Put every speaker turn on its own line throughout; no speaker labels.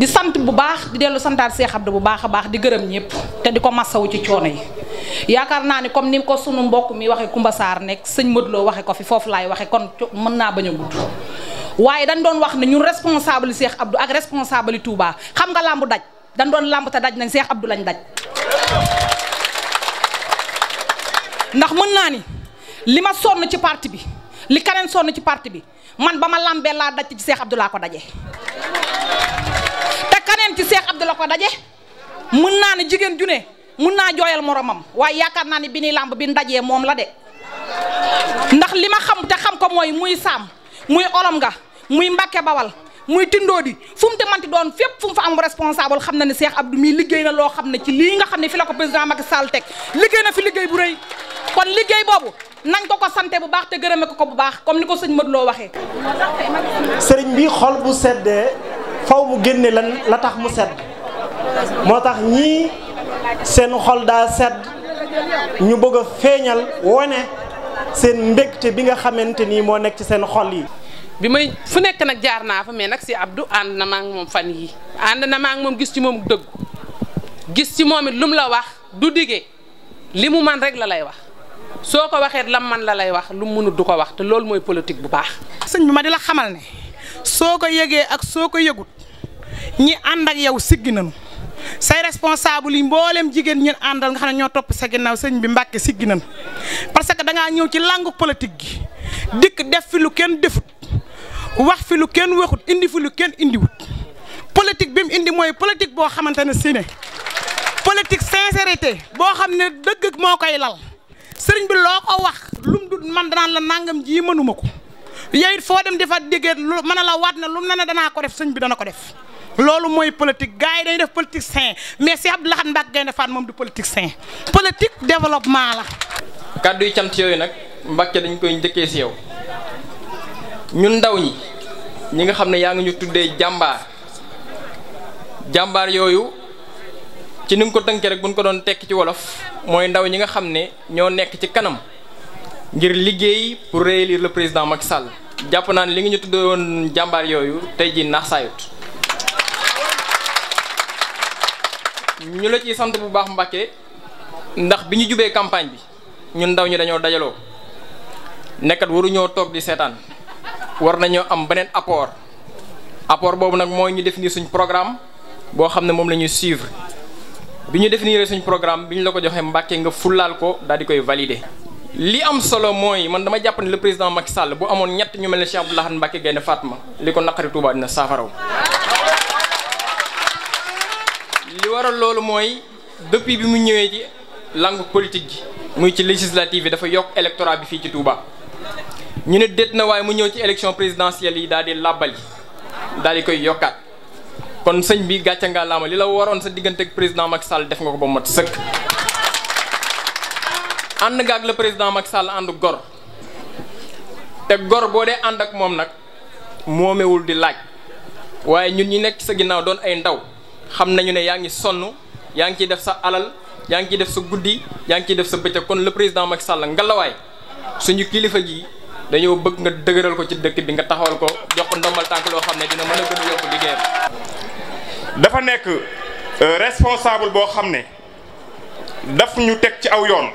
di sant bu baax di dellu santaat Cheikh Abdou bu baax a baax di gërëm ñëpp te di ko massawu ci coono yi yaakaar naa ni comme ni ko sunu mbokk mi waxee Kumba Sarr nekk sëñ Modou Lo ko fi foofu laay waxe kon mën naa bañ a gudd waaye dañ doon wax ne ñun responsable Cheikh Abdou ak responsable Touba xam nga làmb daj dañ doon làmb te daj nañ Cheikh Abdou lañ daj ndax mën naa ni li ma sonn ci parti bi li kaneen sonn ci parti bi man ba ma làmbee laa daj ci Cheikh Abdou laa ko daje ci Seex Abdu la ko daje mën naa ne jigéen ju ne mën naa jooyal moroomam waaye yaakaar naa ne bi ni làmb bi ndajee moom la de ndax li ma xam te xam ko mooy muy saam muy olom nga muy mbàkke bawal muy tindoo di fu mu te manti doon fépp fu fa am responsable xam na ne Cheikh Abdou mii liggéey na loo xam ne ci lii nga xam ne fi la ko président Macky Sall teg liggéey na fi liggéey bu rëy kon liggéey boobu nañ ko ko sante bu baax te gërëme ko ko bu baax comme ni ko sëñ Modou Lo waxee
sëriñ bi faw mu genné lan la tax mu sedd motax ñi sen seen xol da sedd ñu bëgg feñal woné wone seen mbégte bi nga xamanteni ni nekk ci seen xol yi.
bi may fu nekk nak jaar na fa mais nak si Abdou and na ma ak moom fan yi and na ma ak gis ci mom dëgg gis ci momit lum la wax du limu man rek la lay wax soko waxé lam man la lay wax lu mënu mënut du ko wax té lool moy politique bu baax. señ bi ma dila xamal né soko ko
ak soko yegut ñi and ak yow siggi nañu say responsable yi mbollem jigen ñen andal nga xana ño top sa ginnaaw señ bi mbacke siggi nañu parce que nga ñew ci langue politique gi dik def fi lu kenn defut wax fi lu kenn waxut indi fi lu kenn wut politique bi mu indi moy politique bo xamantene ne politique sincérité bo xamne deug mo koy lal señ bi loko wax lum du man danaan la nangam ji mënuma yooyu foo dem defaat déggee lu mën a la waat na lu mu ne danaa ko def sëñ bi dana ko def loolu mooy politique gars yi dañuy def politique sain mais si Abdou Lahad Mbacké Gaïndé Fatma moom du politique sain politique développement la.
kàddu yi cant yooyu nag Mbacké dañ koy njëkkee si yow ñun ndaw ñi ñi nga xam ne yaa ngi ñu tuddee jàmbaar jàmbaar yooyu ci ni nga ko tënkee rek bu ñu ko doon tekki ci wolof mooy ndaw ñi nga xam ne ñoo nekk ci kanam. ngir liggéey pour réélire le président Macky Sall japp naa li nga ñu tuddoon jàmbaar yooyu tey ji nax sayut ñu la ciy sant bu baax Mbàkke ndax bi ñu jubee campagne bi ñun ndaw ñi dañoo dajaloo nekkat waruñoo toog di seetaan war nañoo am beneen apport apport boobu nag mooy ñu définir suñ programme boo xam ne moom la ñuy suivre bi ñu définir suñ programme bi ñu la ko joxee nga fullaal ko daal di koy valider. li am solo mooy man dama jàpp ne le président Macky Sall bu amoon ñett ñu mel ne Cheikh Abdou Lahad Mbacké Gaïndé Fatma li ko naqari Touba dina saafaraw li waral loolu mooy depuis bi mu ñëwee ci langue politique gi muy ci législative bi dafa yokk électorat bi fii ci Touba ñu ne déet na waaye mu ñëw ci élection présidentielle yi daal di làbbali daal di koy yokkaat kon sëñ bi gàcce nga laama li la waroon sa diggante ak président Macky Sall
def nga ko ba mat sëkk.
ànd nga ak le président Macky Sall ànd gor te gor boo dee ànd ak moom nag moomewul di laaj waaye ñun ñi nekk sa ginnaaw doon ay ndaw xam nañu ne yaa ngi sonn yaa ngi ciy def sa alal yaa ngi ciy def sa guddi yaa ngi ciy def sa bëccëg kon le président Macky Sall ngalawaay suñu kilifa gi dañoo bëgg nga dëgëral ko ci dëkk bi nga taxawal ko jox ko ndombal tànk loo xam ne dina mën a gën a yokk liggéeyam.
dafa nekk euh, responsable boo xam ne daf ñu teg ci aw yoon.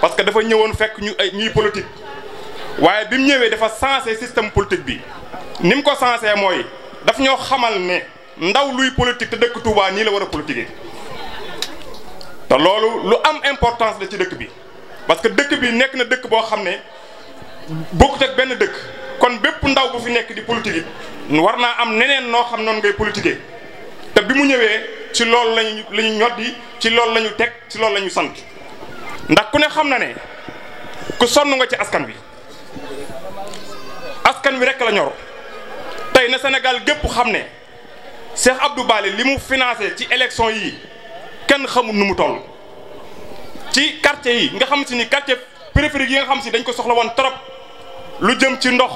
parce que dafa ñëwoon fekk ñu ay ñuy politique waaye bi mu ñëwee dafa sensé système politique bi ni mu ko sensé mooy daf ñoo xamal ne ndaw luy politique te dëkk Touba nii la war a politiquer te loolu lu am importance la ci dëkk bi parce que dëkk bi nekk na dëkk boo xam ne bokkut ak benn dëkk kon bépp ndaw bu fi nekk di politique it war naa am neneen noo xam noonu ngay politiquer te bi mu ñëwee ci loolu lañu la ñu ñoddi ci loolu la ñu teg ci loolu la ñu sant ndax ku ne xam na ne ku sonnu nga ci askan wi askan wi rek la ñor tey na Sénégal gépp xam ne Cheikh Abdou Bally li mu financé ci élection yi kenn xamul nu mu toll ci quartier yi nga xam si ni quartier périphérique yi nga xam si dañ ko soxla woon trop lu jëm ci ndox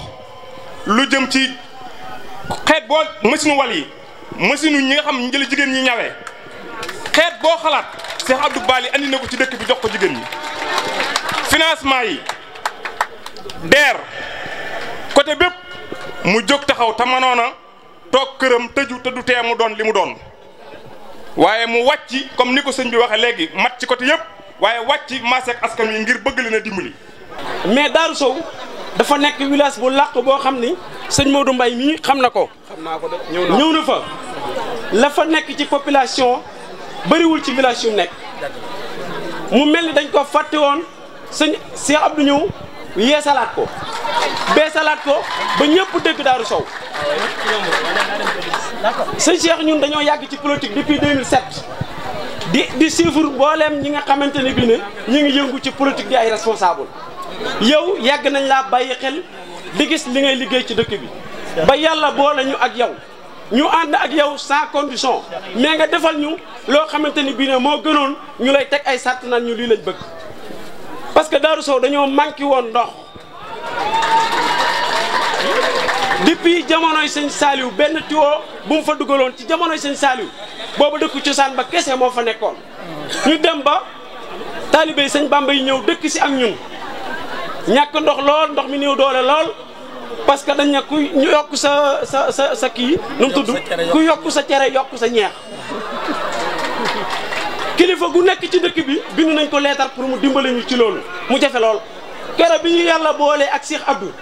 lu jëm ci xeet boo machine wal yi machine ñi nga xam njël jigéen ñi ñawee xeet boo xalaat Cheikh Abdou Bali andi na ko ci dëkk bi jox ko jigéen ñi financement yi DER côté bépp mu jóg taxaw te a toog këram tëju te du tee mu doon li mu doon waaye mu wàcci comme ni ko sëñ bi waxee léegi mat ci côté yëpp waaye wàcci maaseek askan wi ngir bëgg leen a dimbali.
mais Darou Sow dafa nekk village bu làq boo xam ni sëñ Modou mbay mii xam na ko. xam
naa ko de ñëw na
fa la fa nekk ci population. bëriwul ci village yu nekk mu mel ni dañ ko fàtte woon sëñ Cheikh Abdou ñëw yeesalaat ko beesalaat ko ba ñëpp dëkk Daaru Sow sëñ Cheikh ñun dañoo yàgg ci politique depuis 2007 di di suivre booleem ñi nga xamante ni bii ne ñu ngi yëngu ci politique di ay responsable yow yàgg nañ laa bàyyi xel di gis li ngay liggéey ci dëkk bi ba yàlla boole ñu ak yow ñu ànd ak yow sans condition mais nga defal ñu loo xamante ni bii ne moo gënoon ñu lay teg ay sàtt naan ñu lii lañ bëgg parce que Darou Sow dañoo manqué woon ndox depuis jamonoy sëñ Saliou benn tuyau bu mu fa dugaloon ci jamonoy sëñ Saliou boobu dëkku cosaan ba kese moo fa nekkoon ñu dem ba taalibe sëñ Bamba yi ñëw dëkk si ak ñun ñàkk ndox lool ndox mi néew doole lool. parce que dañ ne ku yokk sa sa sa sa kii nu mu tudd ku yokk sa cere yokk sa ñeex kilifa gu nekk ci dëkk bi bind nañ ko leetar pour mu dimbali ñu ci loolu mu jafe lool keroog bi ñu yàlla boole ak Cheikh Abdou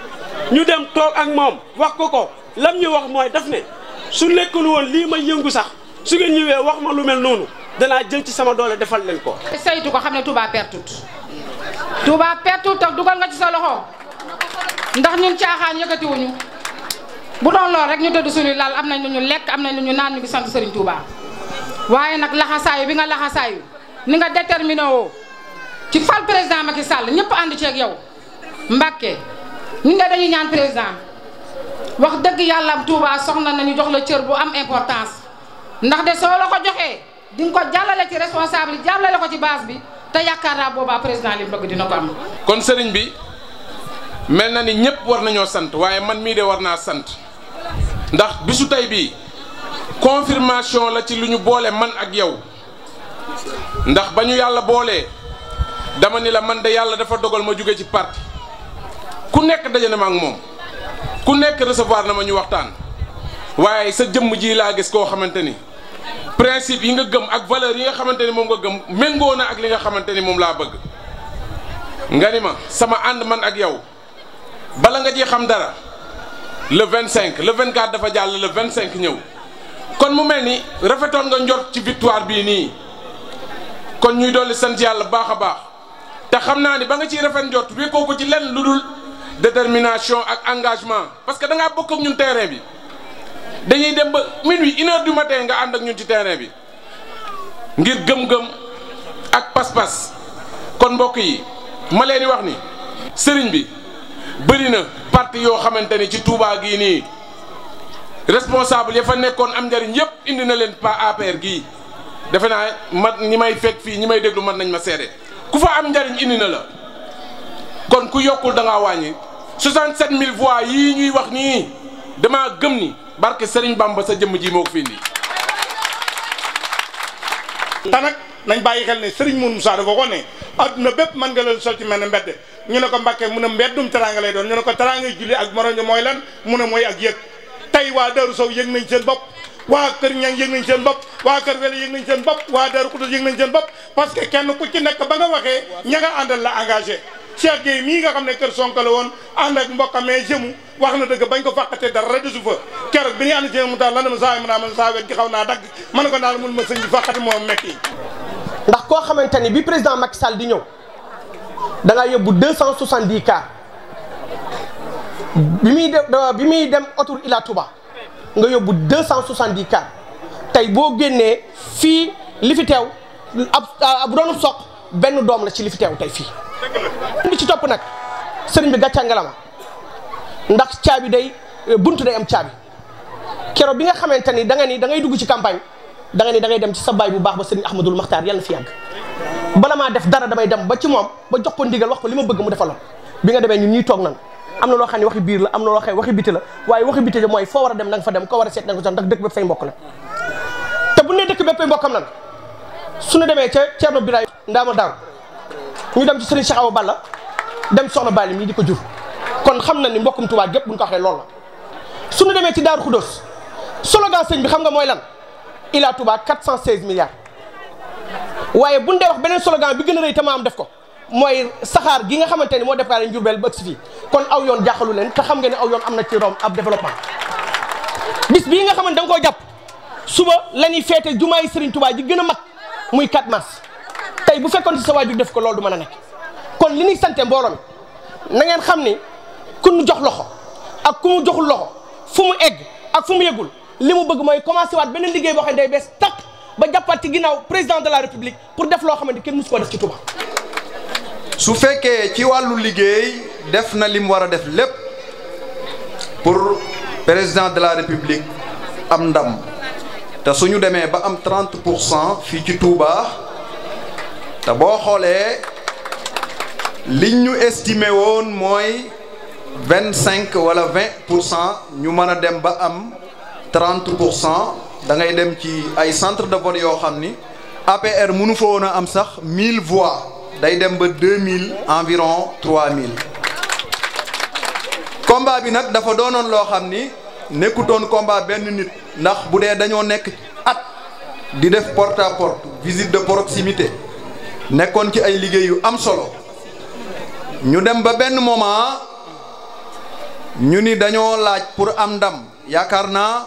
ñu dem toog ak moom wax ko ko lam ñu wax mooy def ne su nekkul woon lii may yëngu sax su ngeen ñëwee wax ma lu mel noonu danaa jël ci sama
doole defal leen ko.
saytu ko xam ne Touba pertut Touba pertut toog dugal nga ci sa loxo. ndax ñun caaxaan wuñu bu doon lool rek ñu tëdd suñu laal am nañ ñu lekk am nañ ñu naan ñu ngi sant Serigne Touba waaye nag laxasaayu bi nga laxasaayu ni nga déterminé woo ci fal président Macky Sall ñëpp ànd ak yow Mbacke ñu ne dañuy ñaan président wax dëgg yàlla am Touba soxna nañu jox la cër bu am importance ndax de soo la ko joxee di nga ko jàllale ci responsable jàllale ko ci base bi te yaakaar naa boobaa président li bëgg dina ko am.
kon Serigne bi mel ni ñëpp war nañoo sant waaye man mii de war naa sant ndax bisu tey bii confirmation la ci lu ñu man ak yow ndax ba ñu yàlla dama ni la man de yàlla dafa dogal ma jóge ci parti ku nekk daje na ma ak moom ku nekk recevoir na ma ñu waxtaan waaye sa jëmm ji laa gis koo xamante principe yi nga gëm ak valeur yi nga xamante ni nga gëm méngoo na ak li nga xamante ni moom bëgg nga ma sama ànd man ak yow bala nga ci xam le 25 le 24 dafa jall le 25 ñew kon mu melni nga victoire bini. ni kon ñuy doli sant yalla baaxa baax te ba nga ci détermination ak engagement parce que da nga bokk ñun terrain bi dañuy dem ba minuit une heure du matin nga and ak ñun ci terrain bi ngir ak kon yi ma bëri na parti yoo xamante ni ci tuubaa gii nii responsable ya fa nekkoon am njariñ yëpp indi na leen pa APR gi defe naa man ñi may fekk fii ñi may déglu mën nañ ma seede ku fa am njariñ indi na la kon ku yokkul da ngaa wàññi 67000 voix yii ñuy wax nii damaa gëm ni barke sëriñ Bamba sa jëmm ji moo ko fi indi. nag
nañ bàyyi xel ne Serigne Mourou Moussa dafa ko ne adduna bépp mën nga leen sol ci mel ne mbedd. ñu ne ko Mbàkke mu ne mbeddum teraanga lay doon ñu ko teraanga julli ak morom ñi mooy lan mu ne mooy ak yëg tey waa Daaru Sow yëg nañ seen bopp waa kër ñang yëg nañ seen bopp waa kër wele yëg nañ seen bopp waa Daaru Xudoos yëg seen bopp parce que kenn ku ci nekk ba nga waxee ña nga la engagé Cheikh Gueye mii nga xam ne kër Sonko la woon ànd ak mbokkamee jëmu wax na dëgg bañ ko fàqate dara desu fa keroog bi ñuy ànd mu daal la dem saa ma man xaw naa dagg mën ko daal mun ma sëñ bi fàqate
koo xamante ni bi président Macky Sall di ñëw da ngaa yóbbu deux cent soixante di cas bi muy dem bi muy dem autour ila Touba nga yóbbu deux cent soixante dix cas tey boo génnee fii li fi teew ab ab doonu soq benn doom la ci li tay fii. li ci topp nag sëriñ bi gàcce ngalama ndax caabi day buntu day am caabi kero bi nga xamante ni da nga ni da ngay dugg ci campagne da nga da ngay dem ci sa baay bu baax ba sëriñ Ahmadul Maxtaar yàlla na fi yàgg. bala maa def dara damay dem ba ci moom ba jox ko ndigal wax ko li ma bëgg mu defaloon bi nga demee ñun ñuy toog nan am na loo xam ne waxi biir la am na loo xam ne waxi biti la waaye waxi biti la mooy foo war a dem na nga fa dem ko war a na nga ko sax ndax dëkk bépp say mbokk la te bu ne dëkk bépp dem ci Sëriñ Cheikh Awa Balla dem soxna Bali mii di ko jur kon xam na ni mbokkum Tuubaa gépp bu ñu ko waxee loolu la su ñu demee ci Daaru solo slogan sëñ bi xam nga mooy lan Ila Touba 416 milliards waye buñ day wax benen slogan bi gëna a rëy te maam def ko moy saxar gi nga xamanteni mo moo Njurbel ba agsi kon aw yoon jaxalu len te xam nga ni aw yoon amna ci rom ab développement bis bi nga xamanteni dang ko japp suba lañuy fété jumaay Serigne Touba ji gëna mak muy 4 mars tay bu fekkon ci sa waajur def ko lolou du mën kon li ni sante mbolom na ngeen xam ni ku mu jox loxo ak ku mu joxul loxo fu mu egg ak fu mu yegul limu bëgg moy commencé wat benen liggéey bo xé day bees tak parti président de la République pour défendre le de Touba.
Si vous avez fait ce que vous pour le président de la République, Amdam. Si nous avons 30% de Touba, si vous avez estimé 25 ou 20%, nous avons 30% da ngay dem ci ay centre de vote yo xamni APR mënu fo wona am sax 1000 voix day dem ba 2000 environ 3000 combat bi nak dafa donon lo xamni ni combat ben nit ndax budé dee nek at di def porte à porte visite de proximité nekkoon ci ay liggéey yu am solo ñu dem ba ben moment ñu ni dañoo laaj pour am ndam yaakaar naa.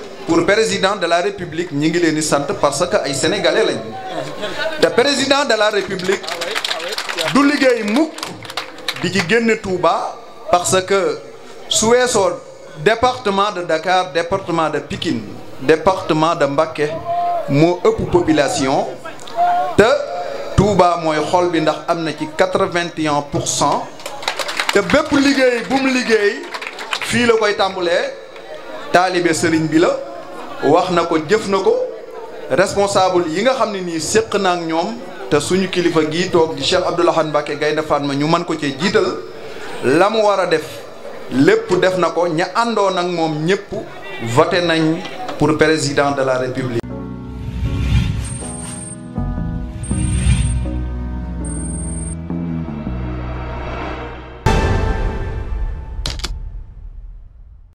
pour président de la république ñi ngi leen di sant parce que ay sénégalais lañ te président de la république du liggéey mukk di ci génn Touba parce que su weesoo département de Dakar département de Pikine département de Mbacké moo ëpp population te Touba mooy xol bi ndax am na ci 81 vingt un pour cent te bépp liggéey bu mu liggéey fii la koy tàmbulee taalibe sëriñ bi la. wax na ko jëf na ko responsable yi nga xam ne nii séq na ak ñoom te suñu kilifa gii toog di Cheikh Abdoul Ahad Mbacké Gaïndé Fatma ñu man ko cee jiital la mu war a def lépp def na ko ña àndoon ak moom ñëpp voté nañ pour pérésident de la république